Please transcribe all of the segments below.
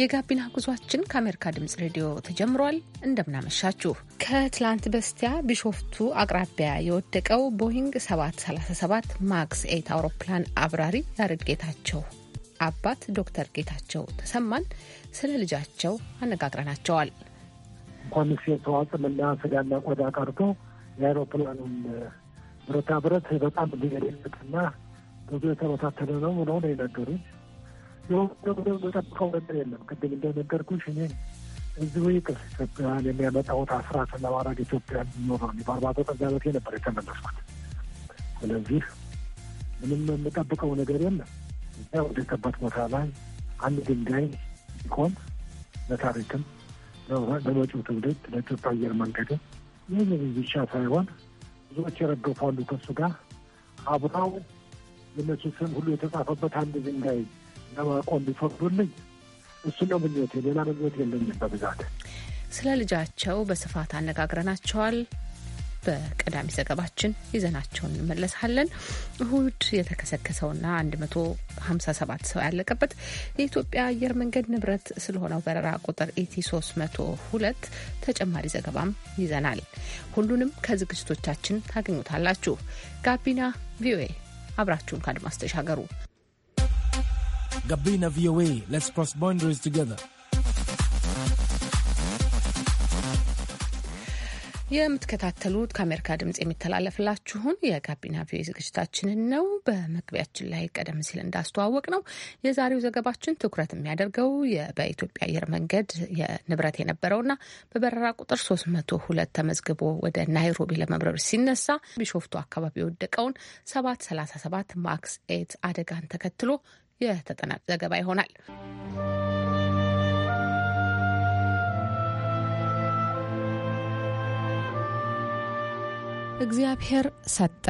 የጋቢና ጉዟችን ከአሜሪካ ድምጽ ሬዲዮ ተጀምሯል። እንደምናመሻችሁ። ከትላንት በስቲያ ቢሾፍቱ አቅራቢያ የወደቀው ቦይንግ 737 ማክስ ኤት አውሮፕላን አብራሪ ያሬድ ጌታቸው አባት ዶክተር ጌታቸው ተሰማን ስለ ልጃቸው አነጋግረናቸዋል። የተዋጽ ምና ስጋና ቆዳ ቀርቶ የአውሮፕላኑም ብረታ ብረት በጣም ሊገደልትና ብዙ የተበታተነ ነው ምነው ነው የነገሩኝ የሆነ ነገር የለም። ቅድም እንደነገርኩሽ እኔ እዚሁ ይቅር ኢትዮጵያን ለማድረግ ኢትዮጵያ ኖረ ነበር የተመለስኩት። ስለዚህ ምንም የምጠብቀው ነገር የለም። እዚያ ወደቀበት ቦታ ላይ አንድ ድንጋይ ሲቆም ለታሪክም ለመጪው ትውልድ ለኢትዮጵያ አየር መንገድም ብቻ ሳይሆን ብዙዎች የረገፉ ከሱ ጋር አብረው የነሱ ስም ሁሉ የተጻፈበት አንድ ድንጋይ ለማቆም ቢፈቅዱልኝ እሱ ነው ምኞቴ። ሌላ ምኞት የለኝም። በብዛት ስለ ልጃቸው በስፋት አነጋግረናቸዋል። በቀዳሚ ዘገባችን ይዘናቸውን እንመለሳለን። እሁድ የተከሰከሰውና 157 ሰው ያለቀበት የኢትዮጵያ አየር መንገድ ንብረት ስለሆነው በረራ ቁጥር ኢቲ 302 ተጨማሪ ዘገባም ይዘናል። ሁሉንም ከዝግጅቶቻችን ታገኙታላችሁ። ጋቢና ቪኦኤ አብራችሁን ከአድማስ ተሻገሩ። Gabina VOA. Let's cross boundaries together. የምትከታተሉት ከአሜሪካ ድምጽ የሚተላለፍላችሁን የጋቢና ቪ ዝግጅታችንን ነው። በመግቢያችን ላይ ቀደም ሲል እንዳስተዋወቅ ነው የዛሬው ዘገባችን ትኩረት የሚያደርገው በኢትዮጵያ አየር መንገድ ንብረት የነበረውና በበረራ ቁጥር 302 ተመዝግቦ ወደ ናይሮቢ ለመብረር ሲነሳ ቢሾፍቱ አካባቢ የወደቀውን 737 ማክስ ኤት አደጋን ተከትሎ የተጠናቅ ዘገባ ይሆናል። እግዚአብሔር ሰጠ፣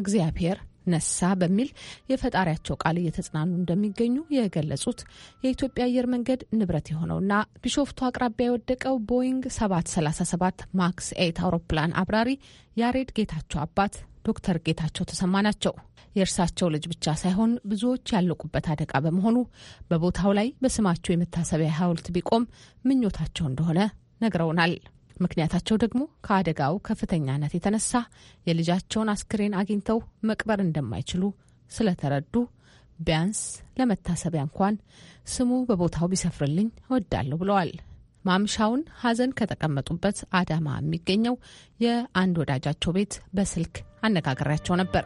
እግዚአብሔር ነሳ በሚል የፈጣሪያቸው ቃል እየተጽናኑ እንደሚገኙ የገለጹት የኢትዮጵያ አየር መንገድ ንብረት የሆነውና ቢሾፍቱ አቅራቢያ የወደቀው ቦይንግ 737 ማክስ ኤት አውሮፕላን አብራሪ ያሬድ ጌታቸው አባት ዶክተር ጌታቸው ተሰማ ናቸው። የእርሳቸው ልጅ ብቻ ሳይሆን ብዙዎች ያለቁበት አደጋ በመሆኑ በቦታው ላይ በስማቸው የመታሰቢያ ሐውልት ቢቆም ምኞታቸው እንደሆነ ነግረውናል። ምክንያታቸው ደግሞ ከአደጋው ከፍተኛነት የተነሳ የልጃቸውን አስክሬን አግኝተው መቅበር እንደማይችሉ ስለተረዱ ቢያንስ ለመታሰቢያ እንኳን ስሙ በቦታው ቢሰፍርልኝ እወዳለሁ ብለዋል። ማምሻውን ሐዘን ከተቀመጡበት አዳማ የሚገኘው የአንድ ወዳጃቸው ቤት በስልክ አነጋግሬያቸው ነበር።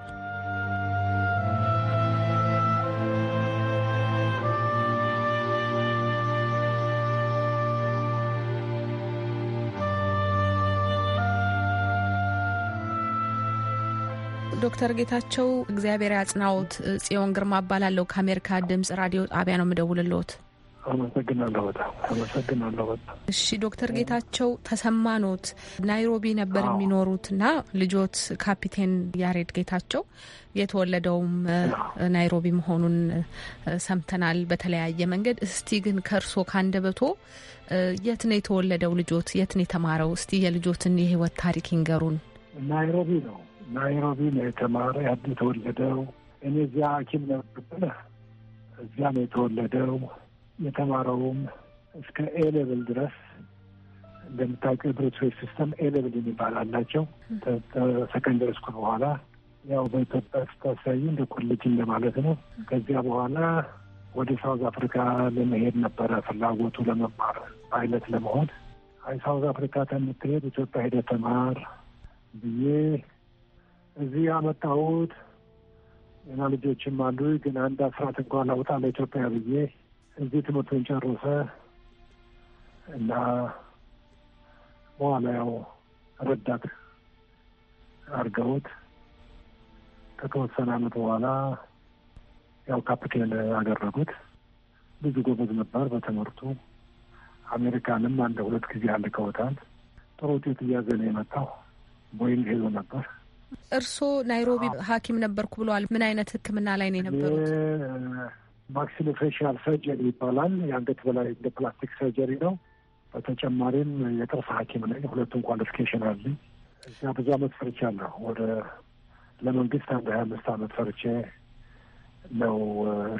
ዶክተር ጌታቸው እግዚአብሔር ያጽናውት። ጽዮን ግርማ እባላለሁ ከአሜሪካ ድምጽ ራዲዮ ጣቢያ ነው የምደውልልዎት። አመሰግናለሁ በጣም አመሰግናለሁ በጣም እሺ ዶክተር ጌታቸው ተሰማኖት ናይሮቢ ነበር የሚኖሩት እና ልጆት ካፒቴን ያሬድ ጌታቸው የተወለደውም ናይሮቢ መሆኑን ሰምተናል በተለያየ መንገድ እስቲ ግን ከእርሶ ካንደበቶ የት ነው የተወለደው ልጆት የት ነው የተማረው እስቲ የልጆትን የህይወት ታሪክ ይንገሩን ናይሮቢ ነው ናይሮቢ ነው የተማረ ያድ የተወለደው እኔ እዚያ ሐኪም ነበር እዚያ ነው የተወለደው። የተማረውም እስከ ኤሌብል ድረስ እንደምታውቀው የብሬትዌት ሲስተም ኤሌብል የሚባል አላቸው። ሰከንደሪ ስኩል በኋላ ያው በኢትዮጵያ ስታሳዩ እንደ ኮሌጅ እንደማለት ነው። ከዚያ በኋላ ወደ ሳውዝ አፍሪካ ለመሄድ ነበረ ፍላጎቱ ለመማር ፓይለት ለመሆን። አይ ሳውዝ አፍሪካ ከምትሄድ ኢትዮጵያ ሄደ ተማር ብዬ እዚህ ያመጣሁት እና ልጆችም አሉ። ግን አንድ አስራት እንኳን ላውጣ ለኢትዮጵያ ብዬ እዚህ ትምህርቱን ጨርሰ እና በኋላ ያው ረዳት አድርገውት ከተወሰነ አመት በኋላ ያው ካፕቴን አደረጉት። ብዙ ጎበዝ ነበር በትምህርቱ። አሜሪካንም አንድ ሁለት ጊዜ አልከውታል። ጥሩ ውጤት እያዘ ነው የመጣው። ቦይንግ ሄዞ ነበር እርስዎ ናይሮቢ ሐኪም ነበርኩ ብለዋል። ምን አይነት ሕክምና ላይ ነው የነበሩት? ማክሲሎፌሻል ሰርጀሪ ይባላል። የአንገት በላይ እንደ ፕላስቲክ ሰርጀሪ ነው። በተጨማሪም የጥርስ ሐኪም ነኝ። ሁለቱም ኳሊፊኬሽን አለኝ እና ብዙ አመት ፈርቻለሁ። ወደ ለመንግስት አንድ ሀያ አምስት አመት ፈርቼ ነው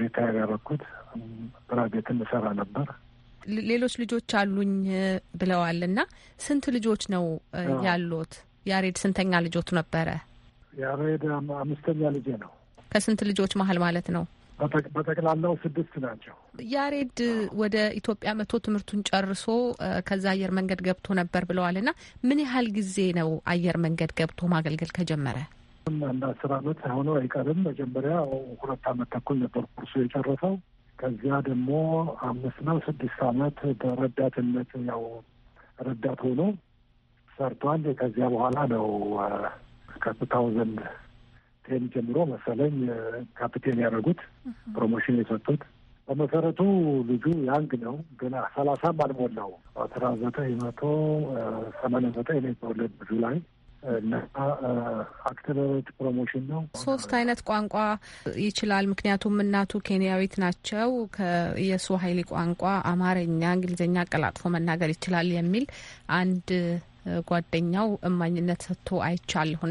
ሪታየር ያደረኩት። ፕራይቬት እንሰራ ነበር። ሌሎች ልጆች አሉኝ ብለዋል እና ስንት ልጆች ነው ያሉት? ያሬድ ስንተኛ ልጆት ነበረ? ያሬድ አምስተኛ ልጄ ነው። ከስንት ልጆች መሀል ማለት ነው? በጠቅላላው ስድስት ናቸው። ያሬድ ወደ ኢትዮጵያ መቶ ትምህርቱን ጨርሶ ከዛ አየር መንገድ ገብቶ ነበር ብለዋል። እና ምን ያህል ጊዜ ነው አየር መንገድ ገብቶ ማገልገል ከጀመረ? አንድ አስር አመት ሆኖ አይቀርም። መጀመሪያ ሁለት አመት ተኩል ነበር ኩርሱ የጨረሰው። ከዚያ ደግሞ አምስት ነው ስድስት አመት በረዳትነት ያው ረዳት ሆኖ ሰርቷል። ከዚያ በኋላ ነው ከፍታው ቴን ጀምሮ መሰለኝ ካፕቴን ያደረጉት ፕሮሞሽን የሰጡት። በመሰረቱ ልጁ ያንግ ነው፣ ገና ሰላሳም አልሞላው። አስራ ዘጠኝ መቶ ሰማንያ ዘጠኝ ነው የተወለድ ብዙ ላይ እና ፕሮሞሽን ነው። ሶስት አይነት ቋንቋ ይችላል። ምክንያቱም እናቱ ኬንያዊት ናቸው። የስዋሂሊ ቋንቋ፣ አማርኛ፣ እንግሊዝኛ አቀላጥፎ መናገር ይችላል የሚል አንድ ጓደኛው እማኝነት ሰጥቶ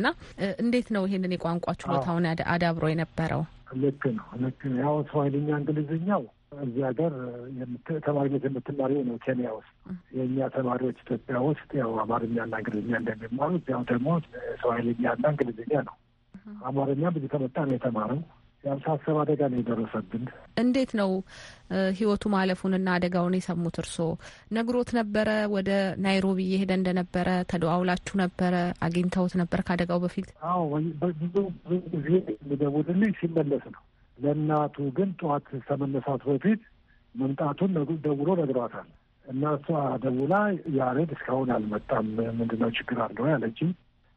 ና እንዴት ነው ይሄንን የቋንቋ ችሎታውን አዳብሮ የነበረው? ልክ ነው ልክ ነው። ያው ስዋሂልኛ እንግሊዝኛው እዚህ ሀገር ተማሪነት የምትማሪው ነው። ኬንያ ውስጥ የእኛ ተማሪዎች ኢትዮጵያ ውስጥ ያው አማርኛና እንግሊዝኛ እንደሚማሩት ያው ደግሞ ና እንግሊዝኛ ነው። አማርኛ ብዙ ከመጣ ነው የተማረው ያልታሰብ አደጋ ነው የደረሰብን። እንዴት ነው ህይወቱ ማለፉንና አደጋውን የሰሙት እርስዎ? ነግሮት ነበረ ወደ ናይሮቢ እየሄደ እንደነበረ? ተደዋውላችሁ ነበረ? አግኝተውት ነበር ከአደጋው በፊት? አዎ፣ ብዙ ብዙ ጊዜ የሚደውልልኝ ሲመለስ ነው። ለእናቱ ግን ጠዋት ከመነሳቱ በፊት መምጣቱን ደውሎ ነግሯታል። እናቷ ደውላ ያሬድ እስካሁን አልመጣም፣ ምንድነው ችግር አለው ያለችኝ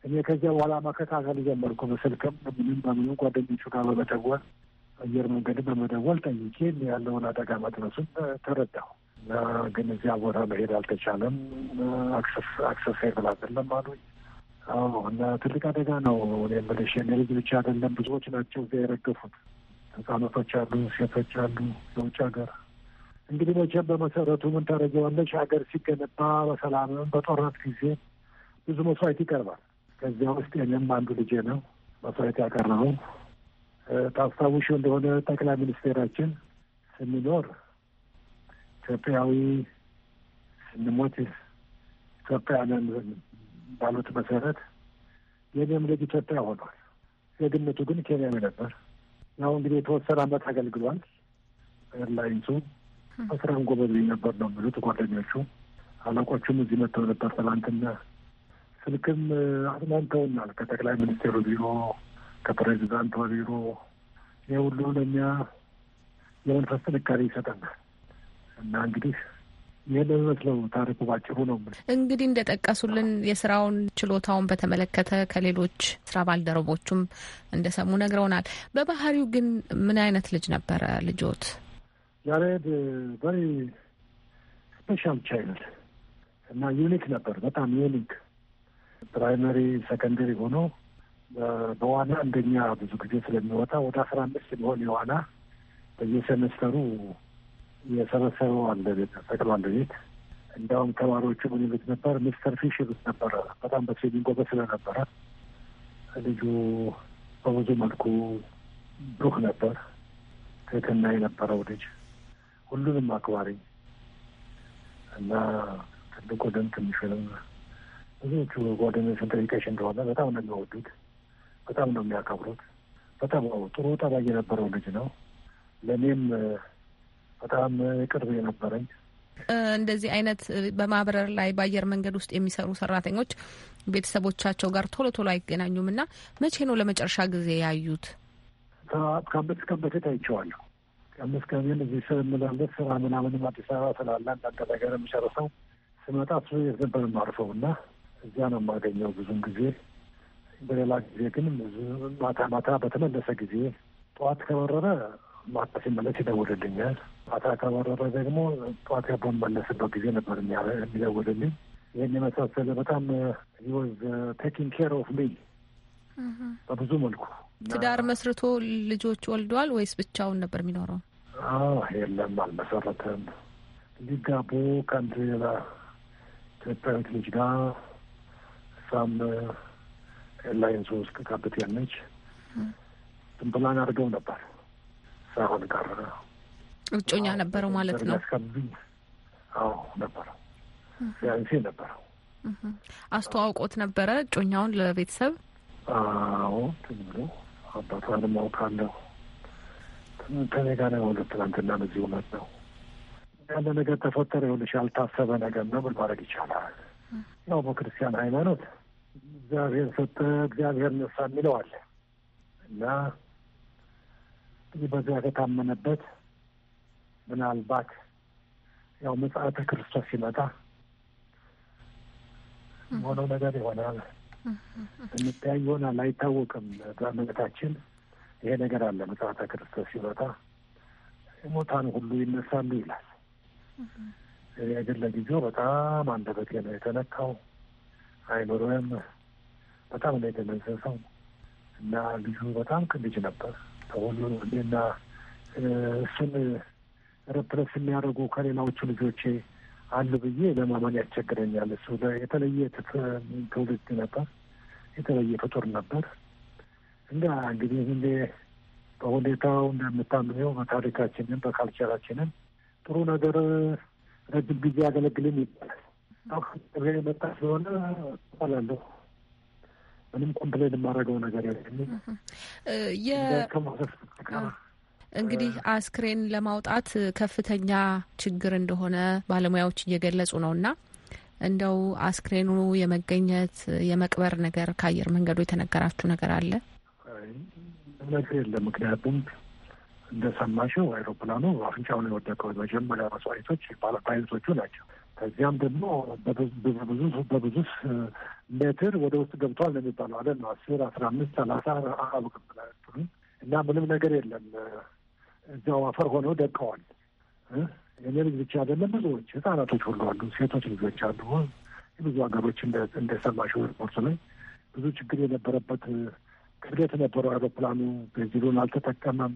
እኔ ከዚያ በኋላ መከታተል ጀመርኩ። በስልክም በምንም በምንም ጓደኞቹ ጋር በመደወል አየር መንገድ በመደወል ጠይቄ ያለውን አደጋ መድረሱን ተረዳሁ። ግን እዚያ ቦታ መሄድ አልተቻለም። አክሰስ ብል አይደለም አዎ እና ትልቅ አደጋ ነው። እኔ የምልሽ የኔ ልጅ ብቻ አይደለም ብዙዎች ናቸው እዚያ የረገፉት። ህጻናቶች አሉ፣ ሴቶች አሉ፣ የውጭ ሀገር እንግዲህ መቼም በመሰረቱ ምን ታደርጊዋለሽ? ሀገር ሲገነባ በሰላምም በጦርነት ጊዜ ብዙ መስዋዕት ይቀርባል። ከዚያ ውስጥ የኔም አንዱ ልጄ ነው መሰረት ያቀረበው። ታስታውሹ እንደሆነ ጠቅላይ ሚኒስቴራችን ስንኖር ኢትዮጵያዊ ስንሞት ኢትዮጵያውያን ባሉት መሰረት የኔም ልጅ ኢትዮጵያ ሆኗል። ዜግነቱ ግን ኬንያዊ ነበር። ያው እንግዲህ የተወሰነ አመት አገልግሏል ኤርላይንሱ። በስራም ጎበዝ ነበር ነው የሚሉት ጓደኞቹ። አለቆቹም እዚህ መጥተው ነበር። ትላንትና ስልክም አጽናንተውናል። ከጠቅላይ ሚኒስቴሩ ቢሮ፣ ከፕሬዚዳንቷ ቢሮ ይህ ሁሉ ለእኛ የመንፈስ ጥንካሬ ይሰጠናል እና እንግዲህ ይህን የሚመስለው ታሪኩ ባጭሩ ነው። እንግዲህ እንደ ጠቀሱልን የስራውን ችሎታውን በተመለከተ ከሌሎች ስራ ባልደረቦቹም እንደ ሰሙ ነግረውናል። በባህሪው ግን ምን አይነት ልጅ ነበረ ልጆት? ያሬድ በሪ ስፔሻል ቻይልድ እና ዩኒክ ነበር። በጣም ዩኒክ ፕራይመሪ ሰከንደሪ ሆኖ በዋና አንደኛ ብዙ ጊዜ ስለሚወጣ ወደ አስራ አምስት የሚሆን የዋና በየሰመስተሩ የሰበሰበው አለ ቤት ሰቅሎ አለ ቤት እንዲያውም ተማሪዎቹ ምን ይሉት ነበር? ሚስተር ፊሽ ይሉት ነበረ። በጣም በትሬኒንግ ጎበዝ ስለነበረ ልጁ በብዙ መልኩ ብሩህ ነበር። ትህትና የነበረው ልጅ፣ ሁሉንም አክባሪ እና ትልቁንም ትንሹንም ብዙዎቹ ጓደኞችን ጠይቀሽ እንደሆነ በጣም ነው የሚወዱት፣ በጣም ነው የሚያከብሩት። በጣም ጥሩ ጠባይ የነበረው ልጅ ነው። ለእኔም በጣም ቅርብ የነበረኝ እንደዚህ አይነት በማህበረር ላይ በአየር መንገድ ውስጥ የሚሰሩ ሰራተኞች ቤተሰቦቻቸው ጋር ቶሎ ቶሎ አይገናኙም እና መቼ ነው ለመጨረሻ ጊዜ ያዩት? ከአምስት ቀን በፊት አይቼዋለሁ። ከአምስት ቀን ግን እዚህ ስምላለች ስራ ምናምንም አዲስ አበባ ስላለ አንዳንድ ነገር የሚጨርሰው ስመጣ እሱ የት ነበር የማርፈው እና እዚያ ነው የማገኘው ብዙን ጊዜ። በሌላ ጊዜ ግን ማታ ማታ በተመለሰ ጊዜ ጠዋት ከበረረ ማታ ሲመለስ ይደውልልኛል። ማታ ከበረረ ደግሞ ጠዋት በመለስበት ጊዜ ነበር የሚደውልልኝ። ይህን የመሳሰለ በጣም ወዝ ቴኪንግ ኬር ኦፍ ሚ በብዙ መልኩ። ትዳር መስርቶ ልጆች ወልዷል ወይስ ብቻውን ነበር የሚኖረው? የለም አልመሰረተም። ሊጋቡ ከአንድ ሌላ ኢትዮጵያዊት ልጅ ጋር እሷም ኤርላይንሱ ውስጥ ካብት ያለች ትንብላን አድርገው ነበር። ሳይሆን ቀረ። እጮኛ ነበረው ማለት ነው። አዎ፣ ነበረው ያንሴ ነበረው። አስተዋውቆት ነበረ እጮኛውን ለቤተሰብ? አዎ፣ ትን ብሎ አባቷን ማውቃለሁ። ከኔ ጋር ነው ሁለት ትናንትና በዚህ እውነት ነው ያለ ነገር ተፈጠረ። ይኸውልሽ ያልታሰበ ነገር ነው ብል ማድረግ ይቻላል። ያው በክርስቲያን ሃይማኖት እግዚአብሔር ሰጠ፣ እግዚአብሔር ነሳ የሚለዋል እና እንግዲህ በዚያ ከታመነበት ምናልባት ያው ምጽአተ ክርስቶስ ሲመጣ የሆነው ነገር ይሆናል። እንታያይ ይሆናል፣ አይታወቅም። በእምነታችን ይሄ ነገር አለ። ምጽአተ ክርስቶስ ሲመጣ ሙታን ሁሉ ይነሳሉ ይላል። እኔ ግን ለጊዜው በጣም አንደበቴ ነው የተነካው። አይኖርም። በጣም ነው የተመሰሰው እና ልጁ በጣም ቅልጅ ነበር ተወሉ እና እሱን ረፕረስ የሚያደርጉ ከሌላዎቹ ልጆቼ አሉ ብዬ ለማመን ያስቸግረኛል። እሱ የተለየ ትውልድ ነበር፣ የተለየ ፍጡር ነበር። እንደ እንግዲህ እንደ በሁኔታው እንደምታምነው በታሪካችንም በካልቸራችንም ጥሩ ነገር ረጅም ጊዜ ያገለግልን ይባላል። ሁ የመጣ ስለሆነ እላለሁ። ምንም ኮምፕሌን የማደርገው ነገር የለም። እንግዲህ አስክሬን ለማውጣት ከፍተኛ ችግር እንደሆነ ባለሙያዎች እየገለጹ ነው እና እንደው አስክሬኑ የመገኘት የመቅበር ነገር ከአየር መንገዱ የተነገራችሁ ነገር አለ? ነገር የለም። ምክንያቱም እንደሰማሽው አይሮፕላኑ አፍንጫውን የወደቀው መጀመሪያ መስዋዕቶች ፓይለቶቹ ናቸው። ከዚያም ደግሞ በብዙ በብዙ ሜትር ወደ ውስጥ ገብቷል ነው የሚባለው አለ ነው አስር አስራ አምስት ሰላሳ አላውቅም እና ምንም ነገር የለም። እዚያው አፈር ሆነው ደቀዋል። የኔ ልጅ ብቻ አይደለም ብዙዎች ህጻናቶች ሁሉ አሉ፣ ሴቶች ልጆች አሉ። የብዙ ሀገሮች እንደሰማሽው ሪፖርቱ ላይ ብዙ ችግር የነበረበት ክብደት ነበረው አውሮፕላኑ፣ ቤንዚሉን አልተጠቀመም።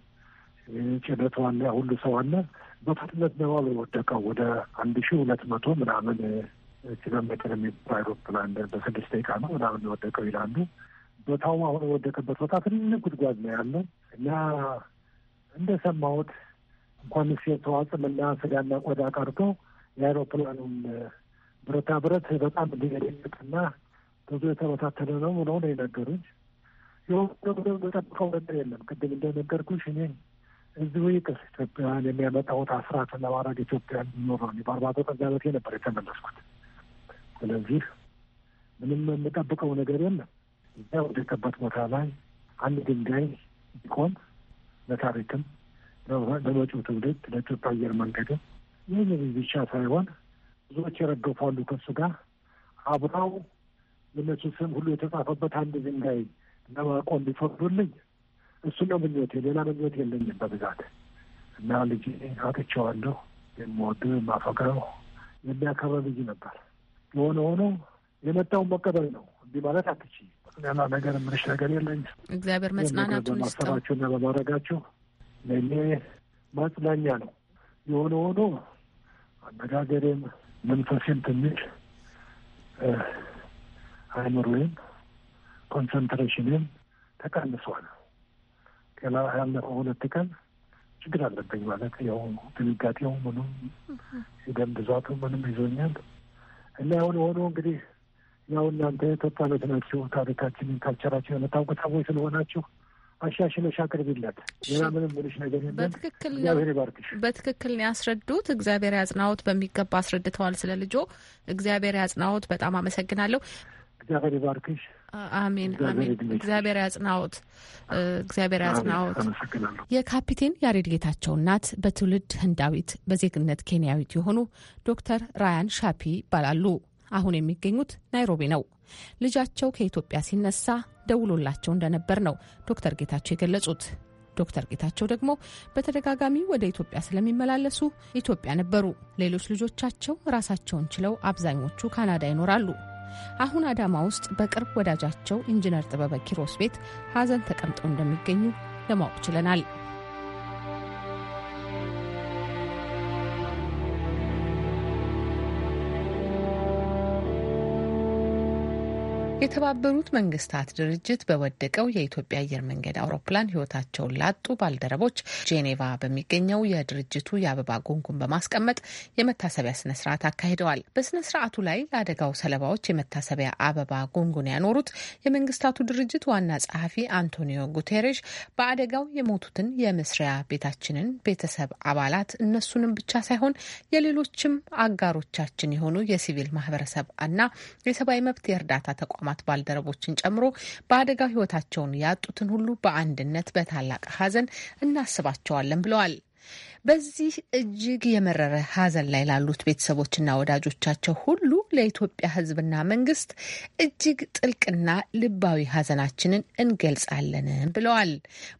ጭነት አለ፣ ሁሉ ሰው አለ። በፍጥነት ነው የወደቀው። ወደ አንድ ሺ ሁለት መቶ ምናምን ኪሎ ሜትር የሚባል አይሮፕላን በስድስት ደቂቃ ነው ምናምን የወደቀው ይላሉ። ቦታውም አሁን የወደቀበት ቦታ ትልቅ ጉድጓድ ነው ያለው እና እንደሰማሁት እንኳን ሴቷ ምና ስጋና ቆዳ ቀርቶ የአይሮፕላኑም ብረታ ብረት በጣም ሊገለቅና ብዙ የተበታተነ ነው ብለው ነው የነገሩኝ። የሆነ ጠብቀው ነገር የለም። ቅድም እንደነገርኩሽ እኔ እዚሁ ይቅር ኢትዮጵያውያን የሚያመጣውት አስራት ለማድረግ ኢትዮጵያ ሊኖር ነው። በአርባ ዘጠኝ ዓመቴ ነበር የተመለስኩት። ስለዚህ ምንም የምጠብቀው ነገር የለም። እዚያ ወደቀበት ቦታ ላይ አንድ ድንጋይ ቢቆም ለታሪክም ለመጪው ትውልድ ለኢትዮጵያ አየር መንገድም ይህ ብቻ ሳይሆን ብዙዎች የረገፏሉ ከሱ ጋር አብረው የነሱ ስም ሁሉ የተጻፈበት አንድ ድንጋይ ለማቆም ቢፈቅዱልኝ እሱ ነው ምኞቴ። ሌላ ምኞት የለኝም በብዛት እና ልጅ አጥቼዋለሁ። የምወደው የማፈቅረው የሚያከብረው ልጅ ነበር። የሆነ ሆኖ የመጣውን መቀበል ነው። እንዲህ ማለት አትች ሌላ ነገር ምንሽ ነገር የለኝ። እግዚአብሔር መጽናናቱን በማሰባችሁና በማድረጋችሁ ለእኔ ማጽናኛ ነው። የሆነ ሆኖ አነጋገሬም መንፈሴም ትንሽ አይምሮዬም ኮንሰንትሬሽንም ተቀንሷል። ገና ያለፈው ሁለት ቀን ችግር አለብኝ ማለት ያው ድንጋጤው ምኑም የደም ብዛቱ ምንም ይዞኛል እና ያሁን ሆኖ እንግዲህ ያው እናንተ ኢትዮጵያ ቤት ናችሁ። ታሪካችንን ካልቸራችን የምታውቁታቦች ስለሆናችሁ አሻሽለሽ አቅርቢለት። ሌላ ምንም ብልሽ ነገር የለም። እግዚአብሔር ይባርክሽ። በትክክል ነው ያስረዱት። እግዚአብሔር ያጽናዎት። በሚገባ አስረድተዋል ስለ ልጆ። እግዚአብሔር ያጽናዎት። በጣም አመሰግናለሁ። እግዚአብሔር ይባርክሽ። አሜን አሜን። እግዚአብሔር ያጽናዎት፣ እግዚአብሔር ያጽናዎት። የካፒቴን ያሬድ ጌታቸው እናት በትውልድ ህንዳዊት በዜግነት ኬንያዊት የሆኑ ዶክተር ራያን ሻፒ ይባላሉ። አሁን የሚገኙት ናይሮቢ ነው። ልጃቸው ከኢትዮጵያ ሲነሳ ደውሎላቸው እንደነበር ነው ዶክተር ጌታቸው የገለጹት። ዶክተር ጌታቸው ደግሞ በተደጋጋሚ ወደ ኢትዮጵያ ስለሚመላለሱ ኢትዮጵያ ነበሩ። ሌሎች ልጆቻቸው ራሳቸውን ችለው አብዛኞቹ ካናዳ ይኖራሉ። አሁን አዳማ ውስጥ በቅርብ ወዳጃቸው ኢንጂነር ጥበበ ኪሮስ ቤት ሀዘን ተቀምጠው እንደሚገኙ ለማወቅ ችለናል። የተባበሩት መንግስታት ድርጅት በወደቀው የኢትዮጵያ አየር መንገድ አውሮፕላን ሕይወታቸውን ላጡ ባልደረቦች ጄኔቫ በሚገኘው የድርጅቱ የአበባ ጉንጉን በማስቀመጥ የመታሰቢያ ስነ ስርዓት አካሂደዋል። በስነ ስርዓቱ ላይ ለአደጋው ሰለባዎች የመታሰቢያ አበባ ጉንጉን ያኖሩት የመንግስታቱ ድርጅት ዋና ጸሐፊ አንቶኒዮ ጉቴሬሽ በአደጋው የሞቱትን የመስሪያ ቤታችንን ቤተሰብ አባላት እነሱንም ብቻ ሳይሆን የሌሎችም አጋሮቻችን የሆኑ የሲቪል ማህበረሰብ እና የሰብአዊ መብት የእርዳታ ተቋማ ተቋማት ባልደረቦችን ጨምሮ በአደጋው ህይወታቸውን ያጡትን ሁሉ በአንድነት በታላቅ ሐዘን እናስባቸዋለን ብለዋል። በዚህ እጅግ የመረረ ሐዘን ላይ ላሉት ቤተሰቦችና ወዳጆቻቸው ሁሉ ለኢትዮጵያ ሕዝብና መንግስት እጅግ ጥልቅና ልባዊ ሀዘናችንን እንገልጻለን ብለዋል።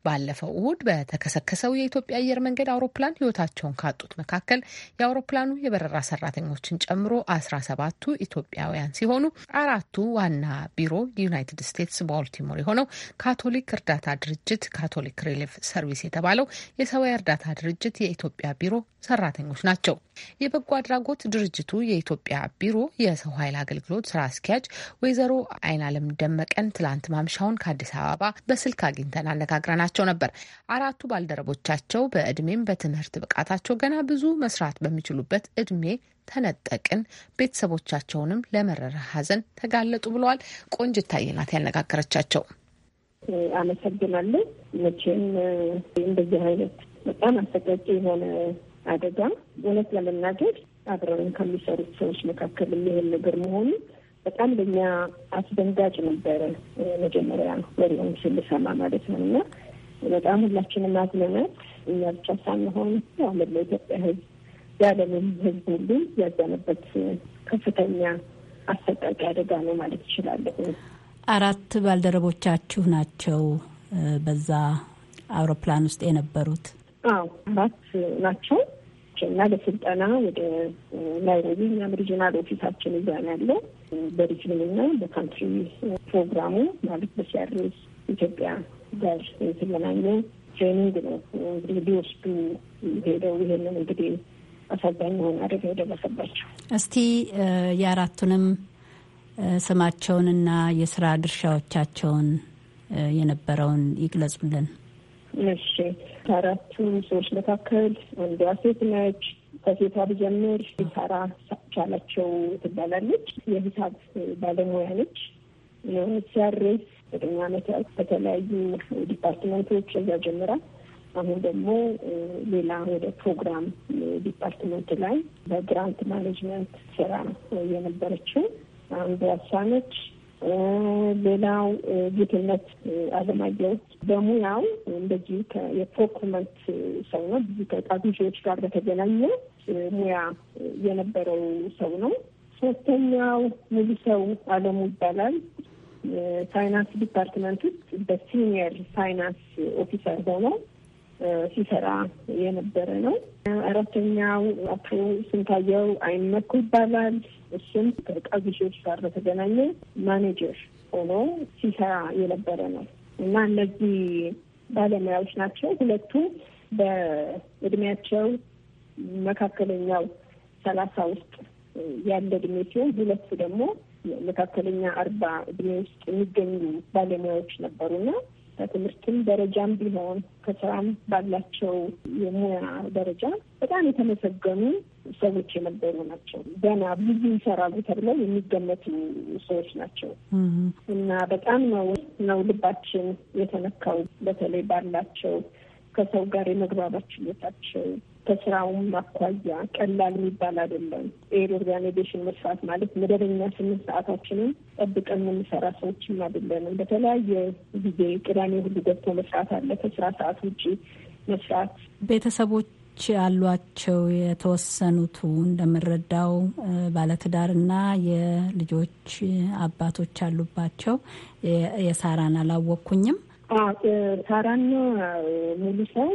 ባለፈው እሁድ በተከሰከሰው የኢትዮጵያ አየር መንገድ አውሮፕላን ህይወታቸውን ካጡት መካከል የአውሮፕላኑ የበረራ ሰራተኞችን ጨምሮ አስራ ሰባቱ ኢትዮጵያውያን ሲሆኑ አራቱ ዋና ቢሮ ዩናይትድ ስቴትስ ባልቲሞር የሆነው ካቶሊክ እርዳታ ድርጅት ካቶሊክ ሪሊፍ ሰርቪስ የተባለው የሰብአዊ እርዳታ ድርጅት የኢትዮጵያ ቢሮ ሰራተኞች ናቸው። የበጎ አድራጎት ድርጅቱ የኢትዮጵያ ቢሮ የሰው ኃይል አገልግሎት ስራ አስኪያጅ ወይዘሮ አይናለም ደመቀን ትላንት ማምሻውን ከአዲስ አበባ በስልክ አግኝተን አነጋግረናቸው ነበር። አራቱ ባልደረቦቻቸው በእድሜም በትምህርት ብቃታቸው ገና ብዙ መስራት በሚችሉበት እድሜ ተነጠቅን፣ ቤተሰቦቻቸውንም ለመረረ ሀዘን ተጋለጡ ብለዋል። ቆንጅት ታየናት ያነጋገረቻቸው። አመሰግናለሁ። መቼም እንደዚህ አይነት በጣም አሰቃቂ የሆነ አደጋ እውነት ለመናገር አብረውን ከሚሰሩት ሰዎች መካከል የሚሆን ነገር መሆኑ በጣም ለእኛ አስደንጋጭ ነበረ። መጀመሪያ ወሬውን ስንሰማ ማለት ነው እና በጣም ሁላችንም አዝነናል። እኛ ብቻ ሳንሆን ያው መላው ኢትዮጵያ ሕዝብ የዓለምም ሕዝብ ሁሉ ያዘነበት ከፍተኛ አሰቃቂ አደጋ ነው ማለት ይችላለሁ። አራት ባልደረቦቻችሁ ናቸው በዛ አውሮፕላን ውስጥ የነበሩት? አዎ አራት ናቸው። ናቸው እና ለስልጠና ወደ ናይሮቢ እኛም ሪጅናል ኦፊሳችን እዛን ነው ያለው። በሪጅንም እና በካንትሪ ፕሮግራሙ ማለት በሲያርስ ኢትዮጵያ ጋር የተገናኘ ትሬኒንግ ነው እንግዲህ ሊወስዱ ሄደው ይሄንን እንግዲህ አሳዛኝ የሆነ አደጋ የደረሰባቸው። እስቲ የአራቱንም ስማቸውን ስማቸውንና የስራ ድርሻዎቻቸውን የነበረውን ይግለጹልን። እሺ ከአራቱ ሰዎች መካከል አንዷ ሴት ነች። ከሴቷ ብጀምር ሳራ ቻላቸው ትባላለች። የሂሳብ ባለሙያ ነች። ሲያሬስ ዘጠኝ ዓመት በተለያዩ ዲፓርትመንቶች እዛ ጀምራ አሁን ደግሞ ሌላ ወደ ፕሮግራም ዲፓርትመንት ላይ በግራንት ማኔጅመንት ስራ የነበረችው አንዱ አሳነች ሌላው ጌትነት አለማየሁ በሙያው እንደዚህ የፕሮኩርመንት ሰው ነው። ብዙ ከዕቃ ጋር በተገናኘ ሙያ የነበረው ሰው ነው። ሶስተኛው ሙሉ ሰው አለሙ ይባላል። ፋይናንስ ዲፓርትመንት ውስጥ በሲኒየር ፋይናንስ ኦፊሰር ሆኖ ሲሰራ የነበረ ነው። አራተኛው አቶ ስንታየው አይመኩ ይባላል። እሱም ከቃዚሾች ጋር በተገናኘ ማኔጀር ሆኖ ሲሰራ የነበረ ነው እና እነዚህ ባለሙያዎች ናቸው። ሁለቱ በእድሜያቸው መካከለኛው ሰላሳ ውስጥ ያለ እድሜ ሲሆን ሁለቱ ደግሞ መካከለኛ አርባ እድሜ ውስጥ የሚገኙ ባለሙያዎች ነበሩና በትምህርትም ደረጃም ቢሆን ከስራም ባላቸው የሙያ ደረጃ በጣም የተመሰገኑ ሰዎች የነበሩ ናቸው። ገና ብዙ ይሰራሉ ተብለው የሚገመቱ ሰዎች ናቸው እና በጣም ነው ነው ልባችን የተነካው በተለይ ባላቸው ከሰው ጋር የመግባባት ችሎታቸው ከስራውም አኳያ ቀላል የሚባል አይደለም። ኤድ ኦርጋናይዜሽን መስራት ማለት መደበኛ ስምንት ሰዓታችንን ጠብቀን የምንሰራ ሰዎችም አይደለንም። በተለያየ ጊዜ ቅዳሜ ሁሉ ገብቶ መስራት አለ። ከስራ ሰዓት ውጭ መስራት ቤተሰቦች ያሏቸው የተወሰኑቱ እንደምንረዳው ባለትዳርና የልጆች አባቶች አሉባቸው። የሳራን አላወቅኩኝም ታራና ሙሉ ሰው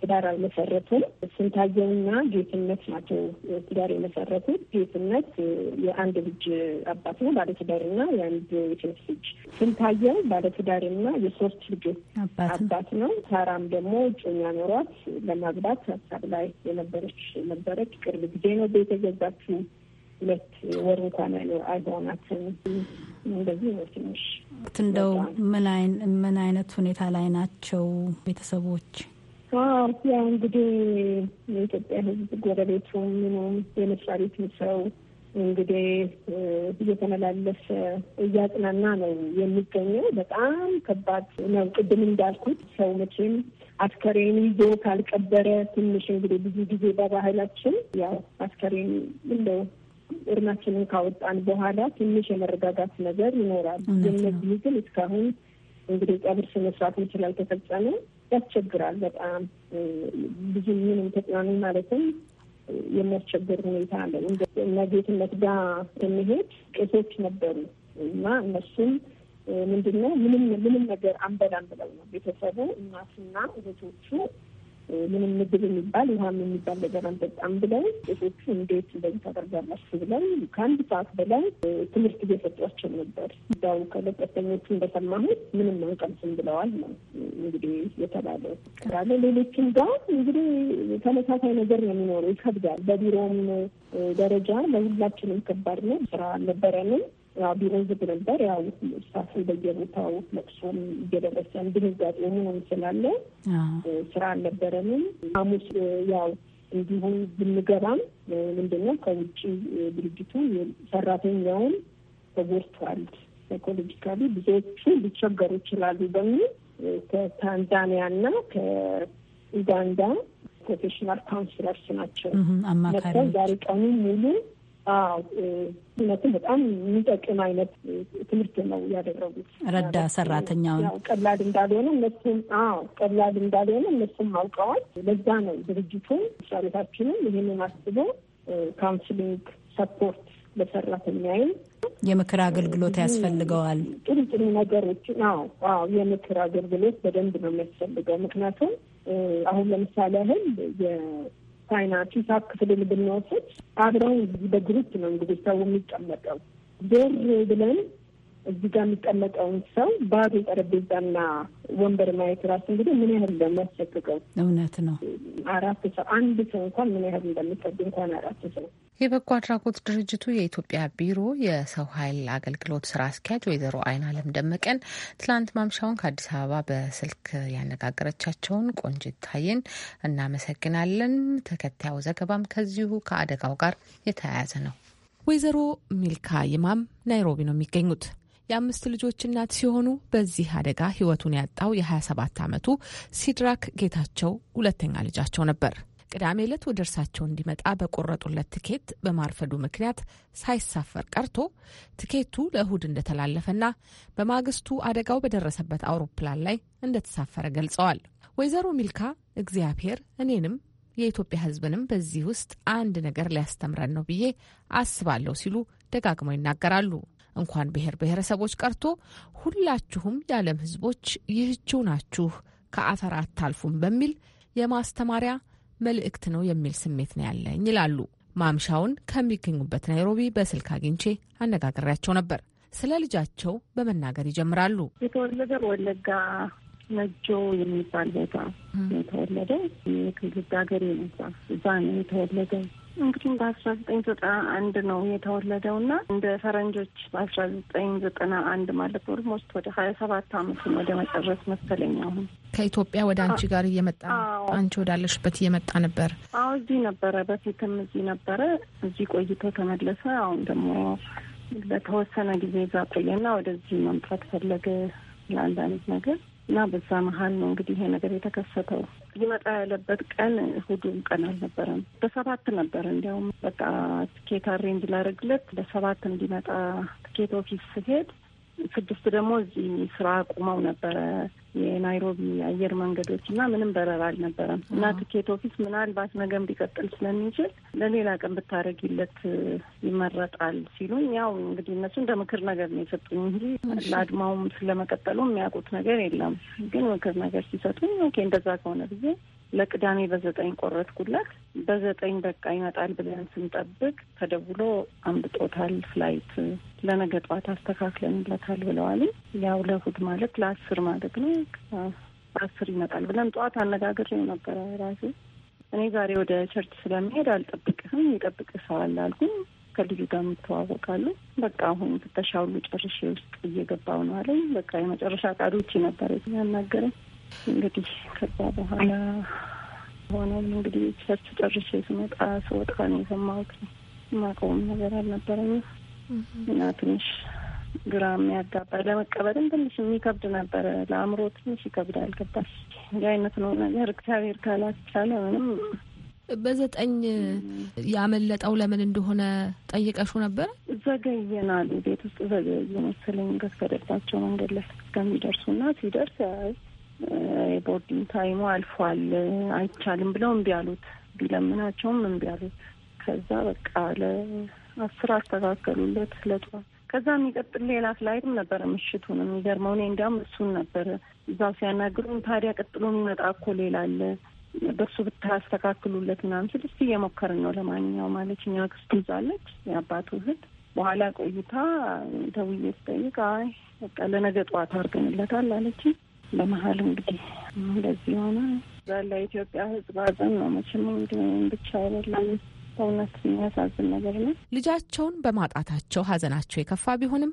ትዳር አልመሰረቱም። ስንታየውና ጌትነት ናቸው ትዳር የመሰረቱት። ጌትነት የአንድ ልጅ አባት ነው፣ ባለትዳርና የአንድ የሴት ልጅ። ስንታየው ባለትዳርና የሶስት ልጆች አባት ነው። ታራም ደግሞ እጮኛ ኖሯት ለማግባት ሀሳብ ላይ የነበረች ነበረች። ቅርብ ጊዜ ነው ቤት ሁለት ወር እንኳን ያለ እንደዚህ ነው። ትንሽ እንደው ምን ምን አይነት ሁኔታ ላይ ናቸው ቤተሰቦች? ያ እንግዲህ የኢትዮጵያ ሕዝብ ጎረቤቱ፣ ምኑም የመስሪያ ቤቱም ሰው እንግዲህ እየተመላለሰ እያጽናና ነው የሚገኘው። በጣም ከባድ ነው። ቅድም እንዳልኩት ሰው መቼም አስከሬን ይዞ ካልቀበረ ትንሽ እንግዲህ ብዙ ጊዜ በባህላችን ያው አስከሬን እንደው እርማችንን ካወጣን በኋላ ትንሽ የመረጋጋት ነገር ይኖራል። የነዚህ ግን እስካሁን እንግዲህ ቀብር ስነስርዓትም ስላልተፈጸመ ያስቸግራል። በጣም ብዙ ምንም ተጽናኑ ማለትም የሚያስቸግር ሁኔታ አለ እነ ጌትነት ጋር የሚሄድ ቄሶች ነበሩ እና እነሱም ምንድነው ምንም ምንም ነገር አንበላም ብለው ነው ቤተሰቡ እናትና እህቶቹ ምንም ምግብ የሚባል ውሃም የሚባል ነገር አንጠጣም ብለን ቄሶቹ እንዴት እንደዚህ ታደርጋላችሁ ብለን ከአንድ ሰዓት በላይ ትምህርት እየሰጧቸው ነበር። ዳው ከለቀተኞቹ እንደሰማሁት ምንም አንቀምስም ብለዋል ነው እንግዲህ የተባለው። ራለ ሌሎችም ጋር እንግዲህ ተመሳሳይ ነገር ነው የሚኖሩ። ይከብዳል። በቢሮም ደረጃ ለሁላችንም ከባድ ነው። ስራ አልነበረንም። ቢሮ ዝግ ነበር። ያው ሳፍ በየቦታው ለቅሶም እየደረሰን ድንጋጤ ሆኖን ስላለ ስራ አልነበረንም። ሐሙስ ያው እንዲሁ ብንገባም ምንድነው ከውጭ ድርጅቱ ሰራተኛውን ተጎድቷል፣ ሳይኮሎጂካሊ ብዙዎቹ ሊቸገሩ ይችላሉ በሚል ከታንዛኒያ እና ከኡጋንዳ ፕሮፌሽናል ካውንስለርስ ናቸው መጥተው ዛሬ ቀኑ ሙሉ እውነትም በጣም የሚጠቅም አይነት ትምህርት ነው ያደረጉት። ረዳ ሰራተኛውን ቀላል እንዳልሆነ እነሱም አዎ ቀላል እንዳልሆነ እነሱም አውቀዋል። ለዛ ነው ድርጅቱን ስራ ቤታችንም ይህንን አስቦ ካውንስሊንግ ሰፖርት ለሰራተኛይም የምክር አገልግሎት ያስፈልገዋል። ጥሩ ጥሩ ነገሮች አዎ የምክር አገልግሎት በደንብ ነው የሚያስፈልገው። ምክንያቱም አሁን ለምሳሌ ያህል ቻይና፣ ፒሳፕ ክፍልን ብንወስድ አብረው እዚህ በግሩፕ ነው እንግዲህ ሰው የሚቀመጠው። ዞር ብለን እዚህ ጋር የሚቀመጠውን ሰው ባዶ ጠረጴዛና ወንበር ማየት ራሱ እንግዲህ ምን ያህል እንደሚያስቸግቀው እውነት ነው። አራት ሰው አንድ ሰው እንኳን ምን ያህል እንደሚጠብ እንኳን አራት ሰው የበጎ አድራጎት ድርጅቱ የኢትዮጵያ ቢሮ የሰው ኃይል አገልግሎት ስራ አስኪያጅ ወይዘሮ አይን አለም ደመቀን ትላንት ማምሻውን ከአዲስ አበባ በስልክ ያነጋገረቻቸውን ቆንጅት ታየን እናመሰግናለን። ተከታዩ ዘገባም ከዚሁ ከአደጋው ጋር የተያያዘ ነው። ወይዘሮ ሚልካ ይማም ናይሮቢ ነው የሚገኙት። የአምስት ልጆች እናት ሲሆኑ በዚህ አደጋ ህይወቱን ያጣው የ27 ዓመቱ ሲድራክ ጌታቸው ሁለተኛ ልጃቸው ነበር። ቅዳሜ ዕለት ወደ እርሳቸው እንዲመጣ በቆረጡለት ትኬት በማርፈዱ ምክንያት ሳይሳፈር ቀርቶ ትኬቱ ለእሁድ እንደተላለፈና በማግስቱ አደጋው በደረሰበት አውሮፕላን ላይ እንደተሳፈረ ገልጸዋል። ወይዘሮ ሚልካ እግዚአብሔር እኔንም የኢትዮጵያ ሕዝብንም በዚህ ውስጥ አንድ ነገር ሊያስተምረን ነው ብዬ አስባለሁ ሲሉ ደጋግመው ይናገራሉ። እንኳን ብሔር ብሔረሰቦች ቀርቶ ሁላችሁም የዓለም ሕዝቦች ይህችው ናችሁ፣ ከአፈር አታልፉም በሚል የማስተማሪያ መልእክት ነው የሚል ስሜት ነው ያለኝ ይላሉ። ማምሻውን ከሚገኙበት ናይሮቢ በስልክ አግኝቼ አነጋግሬያቸው ነበር። ስለ ልጃቸው በመናገር ይጀምራሉ። የተወለደ ወለጋ ነጆ የሚባል ቦታ የተወለደ የክልል ሀገር ነው። እዛ ነው የተወለደ እንግዲህ በአስራ ዘጠኝ ዘጠና አንድ ነው የተወለደው እና እንደ ፈረንጆች በአስራ ዘጠኝ ዘጠና አንድ ማለት ኦልሞስት ወደ ሀያ ሰባት አመቱን ወደ መጨረስ መሰለኝ አሁን ከኢትዮጵያ ወደ አንቺ ጋር እየመጣ አንቺ ወዳለሽበት እየመጣ ነበር። አዎ እዚህ ነበረ፣ በፊትም እዚህ ነበረ። እዚህ ቆይቶ ተመለሰ። አሁን ደግሞ ለተወሰነ ጊዜ እዛ ቆየና ወደዚህ መምጣት ፈለገ ለአንዳንድ ነገር እና በዛ መሀል ነው እንግዲህ ይሄ ነገር የተከሰተው። ሊመጣ ያለበት ቀን እሑዱም ቀን አልነበረም። በሰባት ነበር። እንዲያውም በቃ ትኬት አሬንጅ ላደርግለት በሰባት እንዲመጣ ትኬት ኦፊስ ስሄድ ስድስት ደግሞ እዚህ ስራ አቁመው ነበረ የናይሮቢ አየር መንገዶች እና ምንም በረራ አልነበረም እና ትኬት ኦፊስ ምናልባት ነገም ሊቀጥል ስለሚችል ለሌላ ቀን ብታደረግለት ይመረጣል ሲሉኝ፣ ያው እንግዲህ እነሱ እንደ ምክር ነገር ነው የሰጡኝ እንጂ ለአድማውም ስለመቀጠሉ የሚያውቁት ነገር የለም። ግን ምክር ነገር ሲሰጡኝ ኦኬ እንደዛ ከሆነ ብዬ ለቅዳሜ በዘጠኝ ቆረጥኩለት። በዘጠኝ በቃ ይመጣል ብለን ስንጠብቅ ተደውሎ አምልጦታል። ፍላይት ለነገ ጠዋት አስተካክለንለታል ብለዋል። ያው ለእሑድ ማለት ለአስር ማለት ነው። አስር ይመጣል ብለን ጠዋት አነጋግሬው ነበረ ራሴ እኔ ዛሬ ወደ ቸርች ስለሚሄድ አልጠብቅህም፣ ይጠብቅ ሰው አለ አልኩኝ። ከልጁ ጋር የምተዋወቃሉ። በቃ አሁን ፍተሻ ሁሉ ጨርሼ ውስጥ እየገባው ነው አለኝ። በቃ የመጨረሻ ቃዶች ነበረ ያናገረኝ። እንግዲህ ከዛ በኋላ ሆኖም እንግዲህ ቸርች ጨርሼ ስመጣ ስወጣ ነው የሰማሁት። ማቀውም ነገር አልነበረኝም እና ትንሽ ግራ የሚያጋባ ለመቀበልም ትንሽ የሚከብድ ነበረ። ለአእምሮ ትንሽ ይከብዳል። ገባሽ? እንዲህ አይነት ነው ነገር። እግዚአብሔር ካላስቻለ ምንም በዘጠኝ ያመለጠው ለምን እንደሆነ ጠይቀሹ ነበር። ዘገየን ቤት ውስጥ ዘገየ መሰለኝ። ገዝ ከደባቸው መንገድ ላይ እስከሚደርሱ ና ሲደርስ የቦርዲንግ ታይሙ አልፏል፣ አይቻልም ብለው እምቢ አሉት። ቢለምናቸውም እምቢ አሉት። ከዛ በቃ ለአስር አስተካከሉለት ለጠዋት። ከዛ የሚቀጥል ሌላ ፍላይትም ነበረ ምሽቱን። የሚገርመው እኔ እንዲያውም እሱን ነበረ እዛው ሲያናግሩኝ፣ ታዲያ ቀጥሎ የሚመጣ እኮ ሌላ አለ በሱ ብታስተካክሉለት ምናምን ስል እስኪ እየሞከርን ነው ለማንኛውም ማለች እኛ ክስቱ ይዛለች የአባቱ እህት። በኋላ ቆይታ ተውዬ ስጠይቅ አይ በቃ ለነገ ጠዋት አድርገንለታል አለችኝ። በመሀል እንግዲህ እንደዚህ ሆነ። ዛላ ኢትዮጵያ ህዝብ ሀዘን ነው መቼም ብቻ አይደለም። በእውነት የሚያሳዝን ነገር ነው። ልጃቸውን በማጣታቸው ሀዘናቸው የከፋ ቢሆንም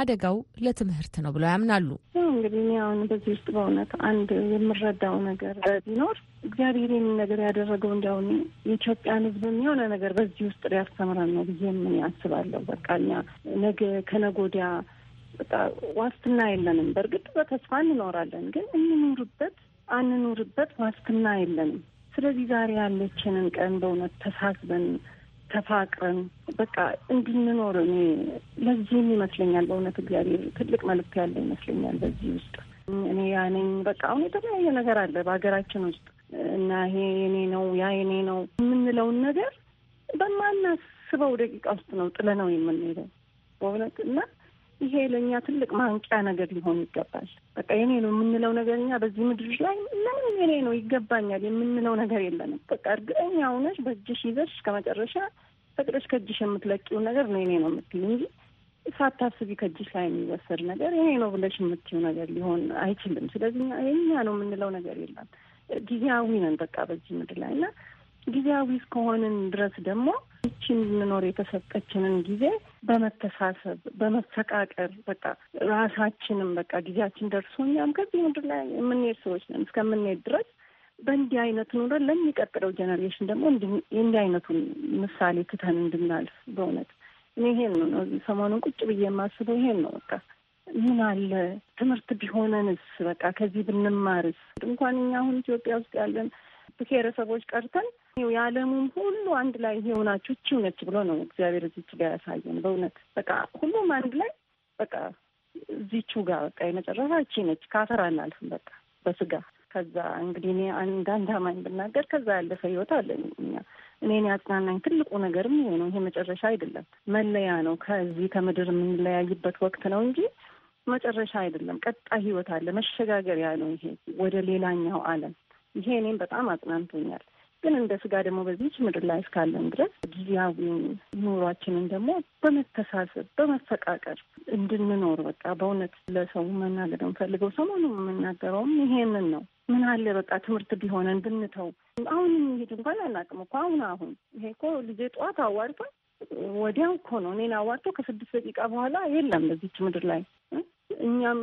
አደጋው ለትምህርት ነው ብለው ያምናሉ። እንግዲህ እኔ አሁን በዚህ ውስጥ በእውነት አንድ የምረዳው ነገር ቢኖር እግዚአብሔር ይህን ነገር ያደረገው እንዲያውም የኢትዮጵያን ህዝብ የሆነ ነገር በዚህ ውስጥ ሊያስተምረን ነው ብዬ ምን ያስባለሁ። በቃ እኛ ነገ ከነጎዳ በቃ ዋስትና የለንም። በእርግጥ በተስፋ እንኖራለን፣ ግን እንኑርበት አንኑርበት ዋስትና የለንም። ስለዚህ ዛሬ ያለችንን ቀን በእውነት ተሳስበን ተፋቅረን በቃ እንድንኖር እኔ ለዚህም ይመስለኛል በእውነት እግዚአብሔር ትልቅ መልክ ያለ ይመስለኛል በዚህ ውስጥ እኔ ያነኝ በቃ አሁን የተለያየ ነገር አለ በሀገራችን ውስጥ እና ይሄ የኔ ነው ያ የኔ ነው የምንለውን ነገር በማናስበው ደቂቃ ውስጥ ነው ጥለነው የምንሄደው በእውነት እና ይሄ ለእኛ ትልቅ ማንቂያ ነገር ሊሆን ይገባል። በቃ የኔ ነው የምንለው ነገር እኛ በዚህ ምድር ላይ ለምን የኔ ነው ይገባኛል የምንለው ነገር የለንም። በቃ እርግጠኛ ሆነሽ በእጅሽ ይዘሽ እስከ መጨረሻ ፈቅደሽ ከእጅሽ የምትለቂው ነገር ነው የኔ ነው የምትል እንጂ ሳታስቢ ከእጅሽ ላይ የሚወሰድ ነገር የኔ ነው ብለሽ የምትዩ ነገር ሊሆን አይችልም። ስለዚህ የኛ ነው የምንለው ነገር የለም። ጊዜያዊ ነን በቃ በዚህ ምድር ላይ እና ጊዜያዊ እስከሆንን ድረስ ደግሞ እቺ እንድንኖር የተሰጠችንን ጊዜ በመተሳሰብ በመፈቃቀር በቃ ራሳችንም በቃ ጊዜያችን ደርሶ እኛም ከዚህ ምድር ላይ የምንሄድ ሰዎች ነን። እስከምንሄድ ድረስ በእንዲህ አይነት ኑረን ለሚቀጥለው ጀኔሬሽን ደግሞ የእንዲህ አይነቱን ምሳሌ ትተን እንድናልፍ በእውነት እኔ ይሄን ነው ሰሞኑን ቁጭ ብዬ የማስበው ይሄን ነው በቃ ምን አለ ትምህርት ቢሆነንስ በቃ ከዚህ ብንማርስ እንኳን እኛ አሁን ኢትዮጵያ ውስጥ ያለን ብሔረሰቦች ቀርተን የዓለሙም ሁሉ አንድ ላይ የሆናችሁ እቺ ነች ብሎ ነው እግዚአብሔር እዚች ጋር ያሳየን። በእውነት በቃ ሁሉም አንድ ላይ በቃ እዚቹ ጋር በቃ የመጨረሻ እቺ ነች። ካፈር አናልፍም በቃ በስጋ ከዛ እንግዲህ እኔ አንድ አንድ አማኝ ብናገር ከዛ ያለፈ ህይወት አለን እኛ እኔን ያጽናናኝ ትልቁ ነገርም ይሄ ነው። ይሄ መጨረሻ አይደለም፣ መለያ ነው። ከዚህ ከምድር የምንለያይበት ወቅት ነው እንጂ መጨረሻ አይደለም። ቀጣይ ህይወት አለ፣ መሸጋገሪያ ነው። ይሄ ወደ ሌላኛው ዓለም ይሄ እኔም በጣም አጽናንቶኛል። ግን እንደ ስጋ ደግሞ በዚች ምድር ላይ እስካለን ድረስ ጊዜያዊ ኑሯችንን ደግሞ በመተሳሰብ በመፈቃቀር እንድንኖር በቃ በእውነት ለሰው መናገር የምፈልገው ሰሞኑን የምናገረውም ይሄንን ነው። ምን አለ በቃ ትምህርት ቢሆነን ብንተው። አሁን የሚሄድ እንኳን አናውቅም እኮ አሁን አሁን ይሄ እኮ ልጄ ጠዋት አዋርቷል ወዲያው እኮ ነው እኔን አዋጥቶ ከስድስት ደቂቃ በኋላ የለም በዚች ምድር ላይ እኛም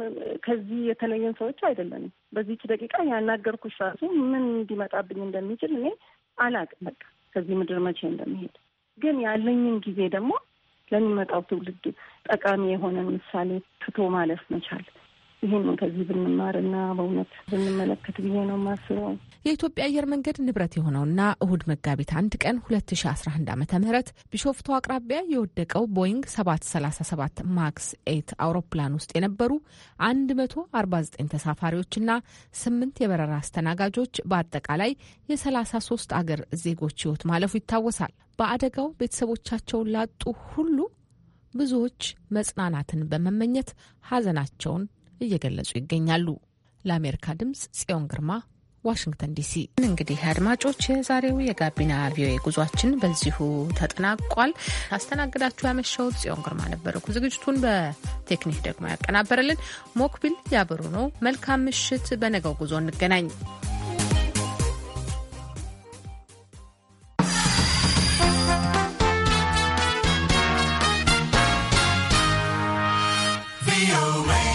ከዚህ የተለየን ሰዎች አይደለንም። በዚች ደቂቃ ያናገርኩሽ ራሱ ምን እንዲመጣብኝ እንደሚችል እኔ አላቅም። በቃ ከዚህ ምድር መቼ እንደሚሄድ ግን ያለኝን ጊዜ ደግሞ ለሚመጣው ትውልድ ጠቃሚ የሆነን ምሳሌ ትቶ ማለፍ መቻል ይህንን ከዚህ ብንማርና በእውነት ብንመለከት ብዬ ነው ማስበው። የኢትዮጵያ አየር መንገድ ንብረት የሆነውና እሁድ መጋቢት አንድ ቀን 2011 ዓ.ም ቢሾፍቱ አቅራቢያ የወደቀው ቦይንግ 737 ማክስ ኤት አውሮፕላን ውስጥ የነበሩ 149 ተሳፋሪዎችና 8 የበረራ አስተናጋጆች በአጠቃላይ የ33 አገር ዜጎች ሕይወት ማለፉ ይታወሳል። በአደጋው ቤተሰቦቻቸውን ላጡ ሁሉ ብዙዎች መጽናናትን በመመኘት ሀዘናቸውን እየገለጹ ይገኛሉ። ለአሜሪካ ድምጽ ጽዮን ግርማ ዋሽንግተን ዲሲ። እንግዲህ አድማጮች የዛሬው የጋቢና ቪኦኤ ጉዟችን በዚሁ ተጠናቋል። ታስተናግዳችሁ ያመሸው ጽዮን ግርማ ነበርኩ። ዝግጅቱን በቴክኒክ ደግሞ ያቀናበረልን ሞክቢል ያበሩ ነው። መልካም ምሽት። በነገው ጉዞ እንገናኝ።